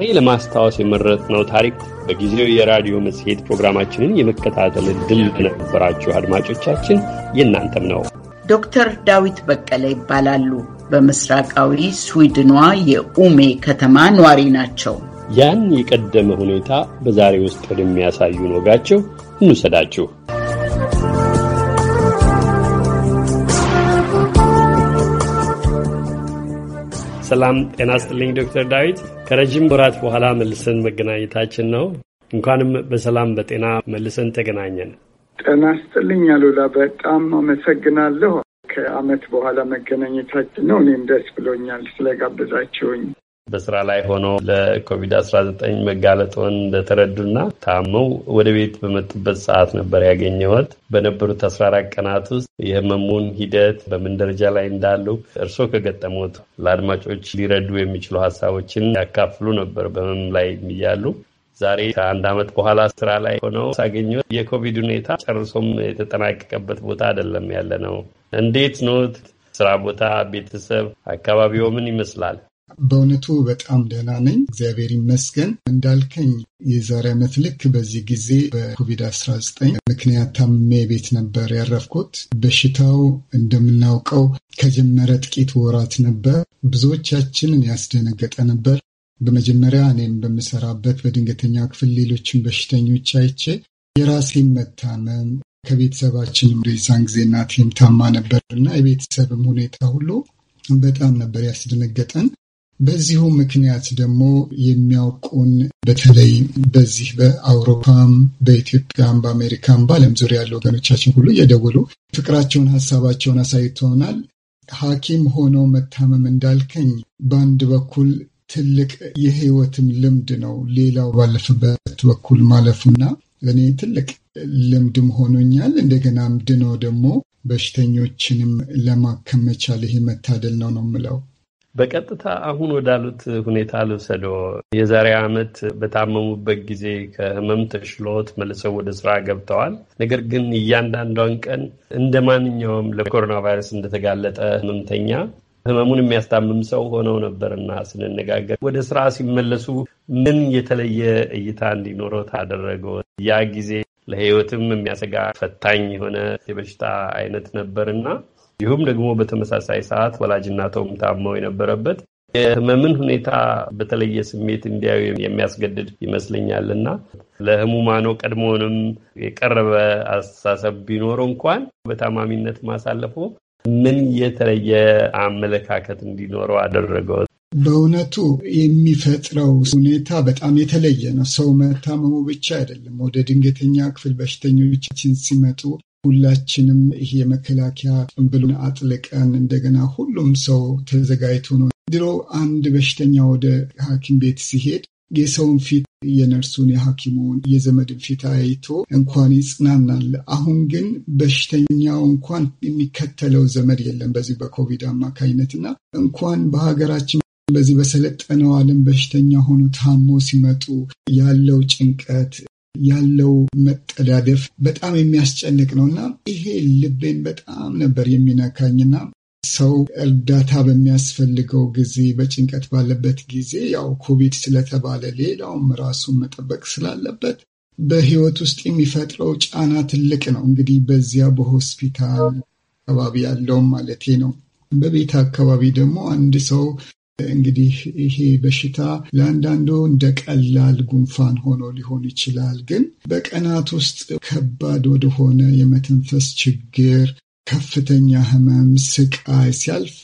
ዛሬ ለማስታወስ የመረጥነው ታሪክ በጊዜው የራዲዮ መጽሔት ፕሮግራማችንን የመከታተል ድል ለነበራችሁ አድማጮቻችን የእናንተም ነው። ዶክተር ዳዊት በቀለ ይባላሉ። በምስራቃዊ ስዊድኗ የኡሜ ከተማ ነዋሪ ናቸው። ያን የቀደመ ሁኔታ በዛሬ ውስጥ ወደሚያሳዩን ወጋቸው እንውሰዳችሁ። ሰላም ጤና ስጥልኝ ዶክተር ዳዊት ከረዥም ወራት በኋላ መልሰን መገናኘታችን ነው። እንኳንም በሰላም በጤና መልሰን ተገናኘን። ጤና ስጥልኝ አሉላ፣ በጣም አመሰግናለሁ። ከአመት በኋላ መገናኘታችን ነው። እኔም ደስ ብሎኛል ስለጋበዛችሁኝ። በስራ ላይ ሆነው ለኮቪድ-19 መጋለጦን እንደተረዱና ታመው ወደ ቤት በመጡበት ሰዓት ነበር ያገኘሁት። በነበሩት 14 ቀናት ውስጥ የህመሙን ሂደት በምን ደረጃ ላይ እንዳሉ እርስዎ ከገጠሙት ለአድማጮች ሊረዱ የሚችሉ ሀሳቦችን ያካፍሉ ነበር በህመም ላይ እያሉ። ዛሬ ከአንድ ዓመት በኋላ ስራ ላይ ሆነው ሳገኘሁት የኮቪድ ሁኔታ ጨርሶም የተጠናቀቀበት ቦታ አይደለም ያለ ነው። እንዴት ኖት? ስራ ቦታ፣ ቤተሰብ፣ አካባቢው ምን ይመስላል? በእውነቱ በጣም ደህና ነኝ፣ እግዚአብሔር ይመስገን። እንዳልከኝ የዛሬ ዓመት ልክ በዚህ ጊዜ በኮቪድ-19 ምክንያት ታምሜ ቤት ነበር ያረፍኩት። በሽታው እንደምናውቀው ከጀመረ ጥቂት ወራት ነበር፣ ብዙዎቻችንን ያስደነገጠ ነበር። በመጀመሪያ እኔም በምሰራበት በድንገተኛ ክፍል ሌሎችን በሽተኞች አይቼ የራሴን መታመም ከቤተሰባችንም የዛን ጊዜ እናቴም ታማ ነበር እና የቤተሰብም ሁኔታ ሁሉ በጣም ነበር ያስደነገጠን። በዚሁ ምክንያት ደግሞ የሚያውቁን በተለይ በዚህ በአውሮፓም በኢትዮጵያም በአሜሪካም በዓለም ዙሪያ ያለ ወገኖቻችን ሁሉ እየደወሉ ፍቅራቸውን፣ ሀሳባቸውን አሳይተውናል። ሐኪም ሆነው መታመም እንዳልከኝ በአንድ በኩል ትልቅ የህይወትም ልምድ ነው። ሌላው ባለፈበት በኩል ማለፉና እኔ ትልቅ ልምድም ሆኖኛል። እንደገናም ድኖ ደግሞ በሽተኞችንም ለማከም መቻል ይሄ መታደል ነው ነው የምለው። በቀጥታ አሁን ወዳሉት ሁኔታ ልውሰዶ። የዛሬ ዓመት በታመሙበት ጊዜ ከህመም ተሽሎት መልሰው ወደ ስራ ገብተዋል። ነገር ግን እያንዳንዷን ቀን እንደ ማንኛውም ለኮሮና ቫይረስ እንደተጋለጠ ህመምተኛ ህመሙን የሚያስታምም ሰው ሆነው ነበርና ስንነጋገር ወደ ስራ ሲመለሱ ምን የተለየ እይታ እንዲኖረው ታደረገው? ያ ጊዜ ለህይወትም የሚያሰጋ ፈታኝ የሆነ የበሽታ አይነት ነበርና ይሁም ደግሞ በተመሳሳይ ሰዓት ወላጅናተውም ታመው የነበረበት የህመምን ሁኔታ በተለየ ስሜት እንዲያዩ የሚያስገድድ ይመስለኛል ለህሙማኖ ቀድሞውንም የቀረበ አስተሳሰብ ቢኖር እንኳን በታማሚነት ማሳለፎ ምን የተለየ አመለካከት እንዲኖረው አደረገው? በእውነቱ የሚፈጥረው ሁኔታ በጣም የተለየ ነው። ሰው መታመሙ ብቻ አይደለም። ወደ ድንገተኛ ክፍል በሽተኞቻችን ሲመጡ ሁላችንም ይህ የመከላከያ ጭንብሉን አጥልቀን እንደገና ሁሉም ሰው ተዘጋጅቶ ነው። ድሮ አንድ በሽተኛ ወደ ሐኪም ቤት ሲሄድ የሰውን ፊት የነርሱን፣ የሐኪሙን፣ የዘመድን ፊት አይቶ እንኳን ይጽናናል። አሁን ግን በሽተኛው እንኳን የሚከተለው ዘመድ የለም በዚህ በኮቪድ አማካኝነትና እንኳን በሀገራችን በዚህ በሰለጠነው ዓለም በሽተኛ ሆኖ ታሞ ሲመጡ ያለው ጭንቀት ያለው መጠዳደፍ በጣም የሚያስጨንቅ ነው እና ይሄ ልቤን በጣም ነበር የሚነካኝና ሰው እርዳታ በሚያስፈልገው ጊዜ በጭንቀት ባለበት ጊዜ ያው ኮቪድ ስለተባለ ሌላውም ራሱን መጠበቅ ስላለበት በህይወት ውስጥ የሚፈጥረው ጫና ትልቅ ነው። እንግዲህ በዚያ በሆስፒታል አካባቢ ያለውም ማለቴ ነው። በቤት አካባቢ ደግሞ አንድ ሰው እንግዲህ ይሄ በሽታ ለአንዳንዱ እንደ ቀላል ጉንፋን ሆኖ ሊሆን ይችላል። ግን በቀናት ውስጥ ከባድ ወደሆነ የመተንፈስ ችግር፣ ከፍተኛ ህመም፣ ስቃይ ሲያልፍ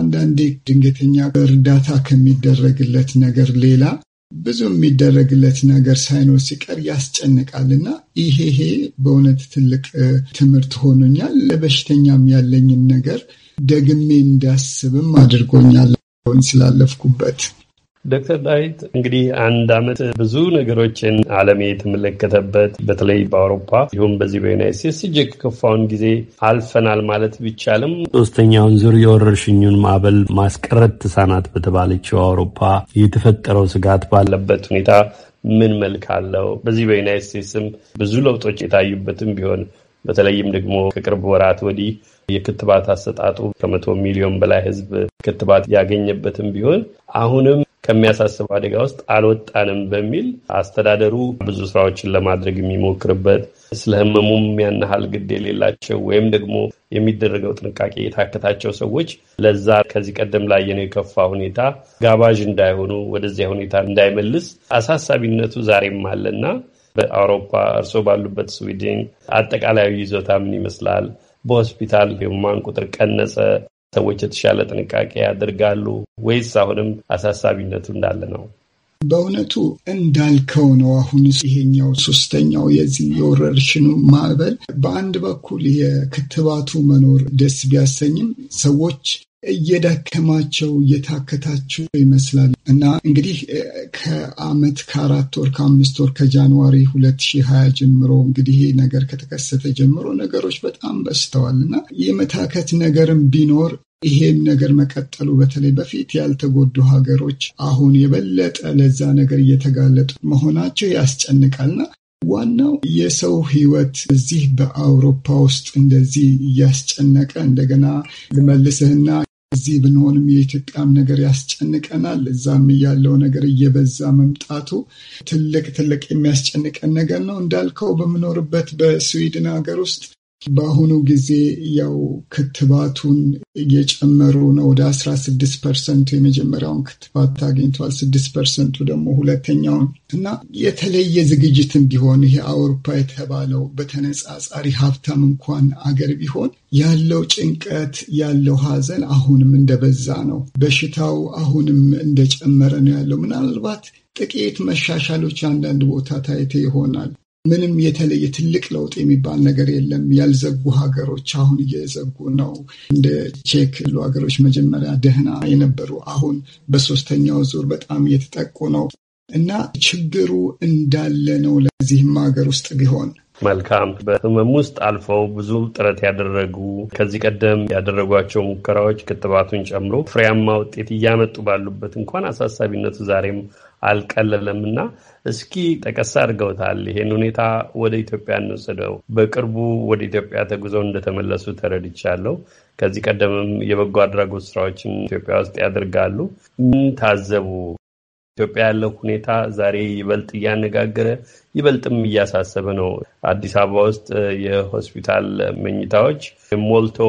አንዳንዴ ድንገተኛ እርዳታ ከሚደረግለት ነገር ሌላ ብዙ የሚደረግለት ነገር ሳይኖር ሲቀር ያስጨንቃል እና ይሄ በእውነት ትልቅ ትምህርት ሆኖኛል። ለበሽተኛም ያለኝን ነገር ደግሜ እንዳስብም አድርጎኛል። ሆን ስላለፍኩበት ዶክተር ዳዊት እንግዲህ አንድ አመት ብዙ ነገሮችን አለም የተመለከተበት በተለይ በአውሮፓ ይሁን በዚህ በዩናይት ስቴትስ እጅግ ከፋውን ጊዜ አልፈናል ማለት ቢቻልም ሶስተኛውን ዙር የወረርሽኙን ማዕበል ማስቀረት ትሳናት በተባለችው አውሮፓ የተፈጠረው ስጋት ባለበት ሁኔታ ምን መልክ አለው? በዚህ በዩናይት ስቴትስም ብዙ ለውጦች የታዩበትም ቢሆን በተለይም ደግሞ ከቅርብ ወራት ወዲህ የክትባት አሰጣጡ ከመቶ ሚሊዮን በላይ ህዝብ ክትባት ያገኘበትም ቢሆን አሁንም ከሚያሳስበው አደጋ ውስጥ አልወጣንም በሚል አስተዳደሩ ብዙ ስራዎችን ለማድረግ የሚሞክርበት ስለ ህመሙም ያን ግድ የሌላቸው ወይም ደግሞ የሚደረገው ጥንቃቄ የታከታቸው ሰዎች ለዛ ከዚህ ቀደም ላየነው የከፋ ሁኔታ ጋባዥ እንዳይሆኑ ወደዚያ ሁኔታ እንዳይመልስ አሳሳቢነቱ ዛሬም አለና በአውሮፓ እርስዎ ባሉበት ስዊድን አጠቃላዩ ይዞታ ምን ይመስላል? በሆስፒታል የህሙማን ቁጥር ቀነሰ? ሰዎች የተሻለ ጥንቃቄ ያደርጋሉ ወይስ አሁንም አሳሳቢነቱ እንዳለ ነው? በእውነቱ እንዳልከው ነው። አሁን ይሄኛው ሶስተኛው የዚህ የወረርሽኑ ማዕበል በአንድ በኩል የክትባቱ መኖር ደስ ቢያሰኝም ሰዎች እየዳከማቸው እየታከታቸው ይመስላል እና እንግዲህ ከአመት ከአራት ወር ከአምስት ወር ከጃንዋሪ ሁለት ሺ ሀያ ጀምሮ እንግዲህ ይሄ ነገር ከተከሰተ ጀምሮ ነገሮች በጣም በስተዋል እና የመታከት ነገርም ቢኖር ይሄን ነገር መቀጠሉ በተለይ በፊት ያልተጎዱ ሀገሮች አሁን የበለጠ ለዛ ነገር እየተጋለጡ መሆናቸው ያስጨንቃልና ዋናው የሰው ሕይወት እዚህ በአውሮፓ ውስጥ እንደዚህ እያስጨነቀ እንደገና ልመልስህና እዚህ ብንሆንም የኢትዮጵያም ነገር ያስጨንቀናል። እዛም ያለው ነገር እየበዛ መምጣቱ ትልቅ ትልቅ የሚያስጨንቀን ነገር ነው። እንዳልከው በምኖርበት በስዊድን ሀገር ውስጥ በአሁኑ ጊዜ ያው ክትባቱን እየጨመሩ ነው። ወደ አስራ ስድስት ፐርሰንቱ የመጀመሪያውን ክትባት አግኝቷል። ስድስት ፐርሰንቱ ደግሞ ሁለተኛውን እና የተለየ ዝግጅት እንዲሆን ይሄ አውሮፓ የተባለው በተነጻጻሪ ሀብታም እንኳን አገር ቢሆን ያለው ጭንቀት ያለው ሀዘን አሁንም እንደበዛ ነው። በሽታው አሁንም እንደጨመረ ነው ያለው ምናልባት ጥቂት መሻሻሎች አንዳንድ ቦታ ታይተ ይሆናል። ምንም የተለየ ትልቅ ለውጥ የሚባል ነገር የለም። ያልዘጉ ሀገሮች አሁን እየዘጉ ነው። እንደ ቼክ ያሉ ሀገሮች መጀመሪያ ደህና የነበሩ አሁን በሶስተኛው ዙር በጣም እየተጠቁ ነው እና ችግሩ እንዳለ ነው። ለዚህም ሀገር ውስጥ ቢሆን መልካም። በህመም ውስጥ አልፈው ብዙ ጥረት ያደረጉ ከዚህ ቀደም ያደረጓቸው ሙከራዎች ክትባቱን ጨምሮ ፍሬያማ ውጤት እያመጡ ባሉበት እንኳን አሳሳቢነቱ ዛሬም አልቀለለም እና እስኪ ጠቀስ አድርገውታል። ይሄን ሁኔታ ወደ ኢትዮጵያ እንወስደው። በቅርቡ ወደ ኢትዮጵያ ተጉዘው እንደተመለሱ ተረድቻለሁ። ከዚህ ቀደምም የበጎ አድራጎት ስራዎችን ኢትዮጵያ ውስጥ ያደርጋሉ። ምን ታዘቡ? ኢትዮጵያ ያለው ሁኔታ ዛሬ ይበልጥ እያነጋገረ ይበልጥም እያሳሰበ ነው። አዲስ አበባ ውስጥ የሆስፒታል መኝታዎች ሞልቶ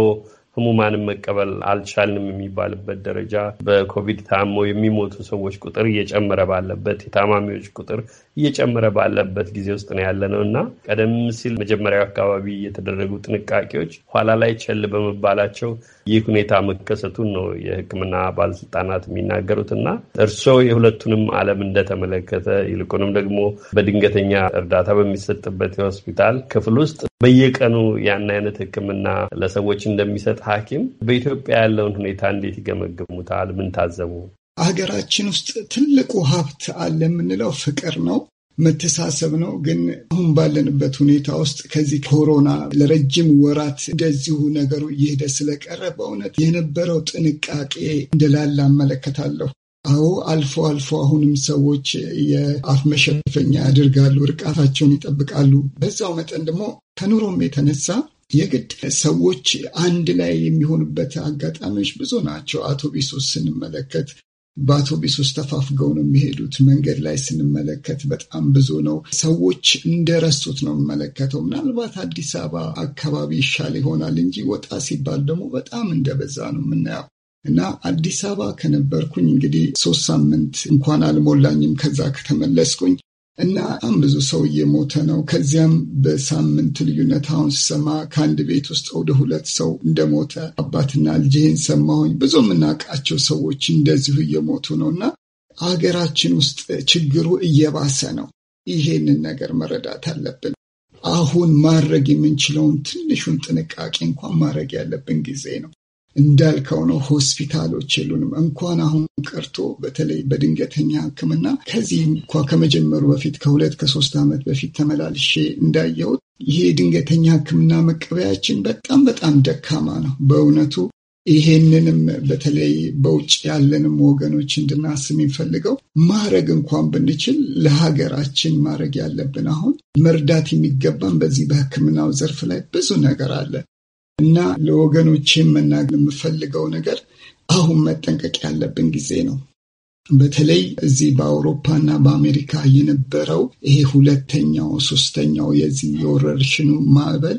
ህሙማንም መቀበል አልቻልንም የሚባልበት ደረጃ፣ በኮቪድ ታሞ የሚሞቱ ሰዎች ቁጥር እየጨመረ ባለበት፣ የታማሚዎች ቁጥር እየጨመረ ባለበት ጊዜ ውስጥ ነው ያለ ነው እና ቀደም ሲል መጀመሪያው አካባቢ የተደረጉ ጥንቃቄዎች ኋላ ላይ ቸል በመባላቸው ይህ ሁኔታ መከሰቱን ነው የሕክምና ባለስልጣናት የሚናገሩት እና እርስዎ የሁለቱንም ዓለም እንደተመለከተ ይልቁንም ደግሞ በድንገተኛ እርዳታ በሚሰጥበት የሆስፒታል ክፍል ውስጥ በየቀኑ ያን አይነት ሕክምና ለሰዎች እንደሚሰጥ ሐኪም በኢትዮጵያ ያለውን ሁኔታ እንዴት ይገመግሙታል? ምን ታዘቡ? ሀገራችን ውስጥ ትልቁ ሀብት አለ የምንለው ፍቅር ነው፣ መተሳሰብ ነው። ግን አሁን ባለንበት ሁኔታ ውስጥ ከዚህ ኮሮና ለረጅም ወራት እንደዚሁ ነገሩ እየሄደ ስለቀረ በእውነት የነበረው ጥንቃቄ እንደላላ አመለከታለሁ። አዎ አልፎ አልፎ አሁንም ሰዎች የአፍ መሸፈኛ ያደርጋሉ፣ ርቃታቸውን ይጠብቃሉ። በዛው መጠን ደግሞ ከኑሮም የተነሳ የግድ ሰዎች አንድ ላይ የሚሆኑበት አጋጣሚዎች ብዙ ናቸው። አውቶቡስ ስንመለከት በአውቶቡሶች ተፋፍገው ነው የሚሄዱት። መንገድ ላይ ስንመለከት በጣም ብዙ ነው። ሰዎች እንደረሱት ነው የምመለከተው። ምናልባት አዲስ አበባ አካባቢ ይሻል ይሆናል እንጂ ወጣ ሲባል ደግሞ በጣም እንደበዛ ነው የምናየው። እና አዲስ አበባ ከነበርኩኝ እንግዲህ ሶስት ሳምንት እንኳን አልሞላኝም ከዛ ከተመለስኩኝ እና በጣም ብዙ ሰው እየሞተ ነው። ከዚያም በሳምንት ልዩነት አሁን ስሰማ ከአንድ ቤት ውስጥ ወደ ሁለት ሰው እንደሞተ አባትና ልጅ ሰማሁኝ። ብዙ የምናውቃቸው ሰዎች እንደዚሁ እየሞቱ ነው እና አገራችን ውስጥ ችግሩ እየባሰ ነው። ይሄንን ነገር መረዳት አለብን። አሁን ማድረግ የምንችለውን ትንሹን ጥንቃቄ እንኳን ማድረግ ያለብን ጊዜ ነው። እንዳልከው ነው። ሆስፒታሎች የሉንም። እንኳን አሁን ቀርቶ በተለይ በድንገተኛ ሕክምና ከዚህ እንኳ ከመጀመሩ በፊት ከሁለት ከሶስት ዓመት በፊት ተመላልሼ እንዳየሁት ይሄ የድንገተኛ ሕክምና መቀበያችን በጣም በጣም ደካማ ነው በእውነቱ። ይሄንንም በተለይ በውጭ ያለንም ወገኖች እንድናስብ የሚፈልገው ማድረግ እንኳን ብንችል ለሀገራችን ማድረግ ያለብን አሁን መርዳት የሚገባን በዚህ በህክምናው ዘርፍ ላይ ብዙ ነገር አለ። እና ለወገኖች መናገር የምፈልገው ነገር አሁን መጠንቀቅ ያለብን ጊዜ ነው። በተለይ እዚህ በአውሮፓና በአሜሪካ የነበረው ይሄ ሁለተኛው ሶስተኛው የዚህ የወረርሽኑ ማዕበል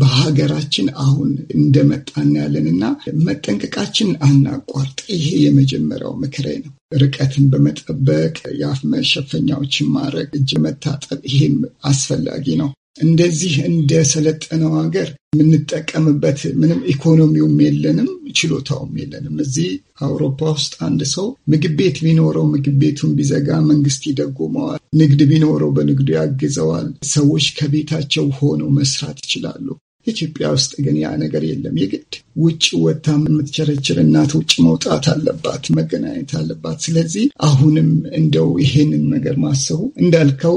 በሀገራችን አሁን እንደመጣን ያለን እና መጠንቀቃችን አናቋርጥ። ይሄ የመጀመሪያው ምክሬ ነው። ርቀትን በመጠበቅ የአፍ መሸፈኛዎችን ማድረግ፣ እጅ መታጠብ፣ ይሄም አስፈላጊ ነው። እንደዚህ እንደ ሰለጠነው ሀገር የምንጠቀምበት ምንም ኢኮኖሚውም የለንም፣ ችሎታውም የለንም። እዚህ አውሮፓ ውስጥ አንድ ሰው ምግብ ቤት ቢኖረው ምግብ ቤቱን ቢዘጋ መንግስት ይደጉመዋል። ንግድ ቢኖረው በንግዱ ያግዘዋል። ሰዎች ከቤታቸው ሆነው መስራት ይችላሉ። ኢትዮጵያ ውስጥ ግን ያ ነገር የለም። የግድ ውጭ ወታ የምትቸረችር እናት ውጭ መውጣት አለባት፣ መገናኘት አለባት። ስለዚህ አሁንም እንደው ይሄንን ነገር ማሰቡ እንዳልከው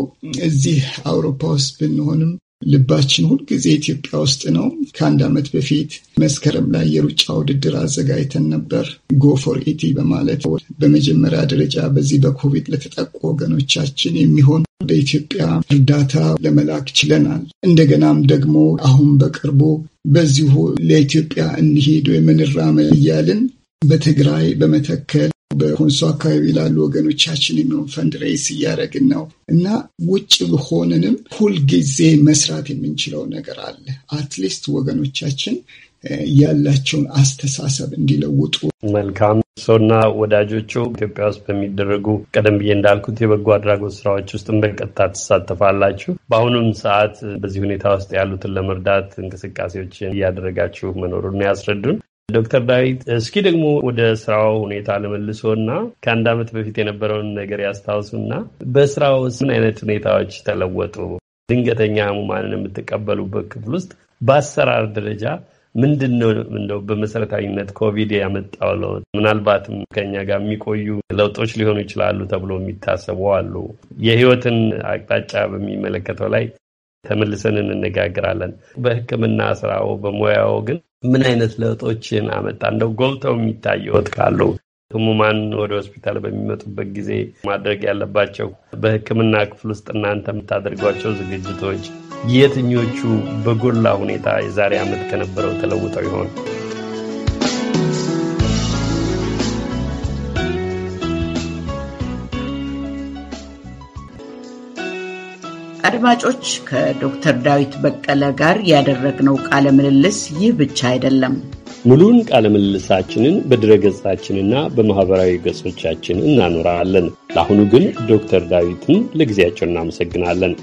እዚህ አውሮፓ ውስጥ ብንሆንም ልባችን ሁልጊዜ ኢትዮጵያ ውስጥ ነው። ከአንድ ዓመት በፊት መስከረም ላይ የሩጫ ውድድር አዘጋጅተን ነበር፣ ጎፎር ኢቲ በማለት በመጀመሪያ ደረጃ በዚህ በኮቪድ ለተጠቁ ወገኖቻችን የሚሆን በኢትዮጵያ እርዳታ ለመላክ ችለናል። እንደገናም ደግሞ አሁን በቅርቡ በዚሁ ለኢትዮጵያ እንሂድ የምንራመ እያልን በትግራይ በመተከል በኮንሶ አካባቢ ላሉ ወገኖቻችን የሚሆን ፈንድ ሬስ እያደረግን ነው እና ውጭ ብሆንንም ሁልጊዜ መስራት የምንችለው ነገር አለ። አትሊስት ወገኖቻችን ያላቸውን አስተሳሰብ እንዲለውጡ መልካም ሰውና ወዳጆቹ ኢትዮጵያ ውስጥ በሚደረጉ ቀደም ብዬ እንዳልኩት የበጎ አድራጎት ስራዎች ውስጥም በቀጥታ ትሳተፋላችሁ። በአሁኑም ሰዓት በዚህ ሁኔታ ውስጥ ያሉትን ለመርዳት እንቅስቃሴዎችን እያደረጋችሁ መኖሩን ያስረዱን። ዶክተር ዳዊት እስኪ ደግሞ ወደ ስራው ሁኔታ ልመልሶና ከአንድ ዓመት በፊት የነበረውን ነገር ያስታውሱና በስራው ምን አይነት ሁኔታዎች ተለወጡ? ድንገተኛ ህሙማንን የምትቀበሉበት ክፍል ውስጥ በአሰራር ደረጃ ምንድን ነው እንደው በመሰረታዊነት ኮቪድ ያመጣው ለውጥ? ምናልባትም ከኛ ጋር የሚቆዩ ለውጦች ሊሆኑ ይችላሉ ተብሎ የሚታሰቡ አሉ። የህይወትን አቅጣጫ በሚመለከተው ላይ ተመልሰን እንነጋግራለን። በህክምና ስራው በሙያው ግን ምን አይነት ለውጦችን አመጣ? እንደው ጎልተው የሚታየዎት ካሉ ህሙማን ወደ ሆስፒታል በሚመጡበት ጊዜ ማድረግ ያለባቸው በህክምና ክፍል ውስጥ እናንተ የምታደርጓቸው ዝግጅቶች የትኞቹ በጎላ ሁኔታ የዛሬ ዓመት ከነበረው ተለውጠው ይሆን? አድማጮች ከዶክተር ዳዊት በቀለ ጋር ያደረግነው ቃለ ምልልስ ይህ ብቻ አይደለም። ሙሉውን ቃለ ምልልሳችንን ገጻችንና በማህበራዊ ገጾቻችን እናኖራለን። ለአሁኑ ግን ዶክተር ዳዊትን ለጊዜያቸው እናመሰግናለን።